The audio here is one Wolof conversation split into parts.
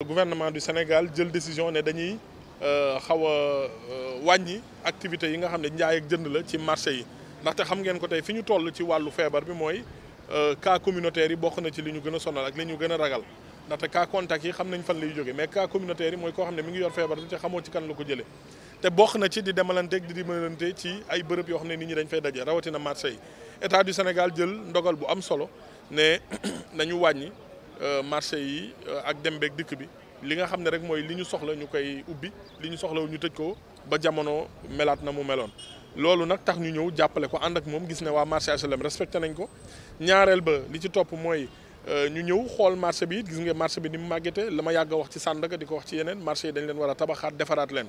Le gouvernement du Sénégal jël décision ne dañuy euh, xaw a euh, wàññi activités yi nga xam ne njaay ak jënd la ci marché yi ndaxte xam ngeen ko tey fi ñu toll ci wàllu feebar bi mooy euh, cas communautaire yi bokk na ci li ñu gën a sonal ak li ñu gën a ragal ndaxte cas contact yi xam nañ fan lay jóge mais cas communautaire yi mooy koo xam ne mi ngi yor feebar bi te xamoo ci kan la ko jëlee. te bokk na ci di demalante di demalante ci ay bërëb yoo xam ne nit ñi dañ fay daje rawatina marché yi état du Sénégal jël ndogal bu am solo ne nañu wàññi euh, marché yi euh, ak dem beeg dikk bi li nga xam ne rek mooy li ñu soxla ñu koy ubbi li ñu soxla ñu tëj ko ba jamono melaat na mu meloon. loolu nag tax ñu ñëw jàppale ko ànd ak moom gis ne waa marché HLM respecté nañ ko ñaareel ba li ci topp mooy. Euh, ñu ñëw xool marché bi gis nga marché bi ni mu màggete la ma yàgg a wax ci Sandaga di ko wax ci yeneen marché yi dañ leen war tabaxaat defaraat leen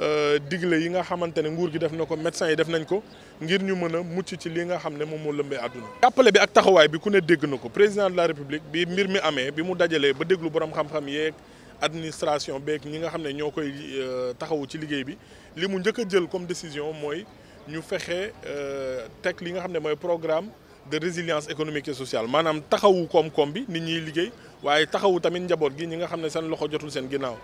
Euh, digle yi nga xamante ne nguur gi def na ko médecins yi def nañ ko ngir ñu mën a mucc ci li nga xam ne moom moo lëmbee àdduna. jàppale bi ak taxawaay bi ku ne dégg na ko président de la république bi mbir mi amee bi mu dajalee ba déglu borom xam-xam yeeg administration beeg ñi nga xam ne ñoo koy euh, taxawu ci liggéey bi li mu njëkk a jël comme décision mooy ñu fexe euh, teg li nga xam ne mooy programme. de résilience économique et sociale Manam taxawu koom-koom bi nit ñi liggéey waaye taxawu tamit njaboot gi ñi nga xamné ne seen loxo jotul seen ginnaw.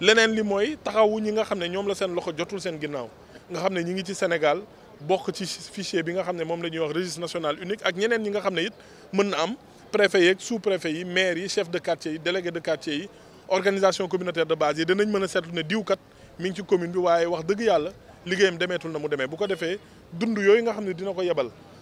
leneen li moy taxawu ñi nga xamné ñom la seen loxo jotul seen ginnaw. nga xamné ñi ngi ci Sénégal bokk ci fichier bi nga xamné mom lañuy wax registre national unique ak ñeneen ñi nga xamné it mën na am préfet yeeg sous préfet yi maire yi chef de quartier yi délégué de quartier yi organisation communautaire de base yi danañ mën a seetlu ne kat mi ngi ci commune bi waaye wax dëgg yàlla liggéeyam demeetul na mu demee bu ko defee dund yooyu nga xam ne dina ko yebal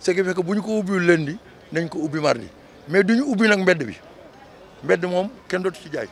ce qui fait bu ñu ko ubbiwul lundi nañ ko ubbi mar mardi mais du ñu ubbi nag mbedd bi mbedd moom kenn dootu ci jaay.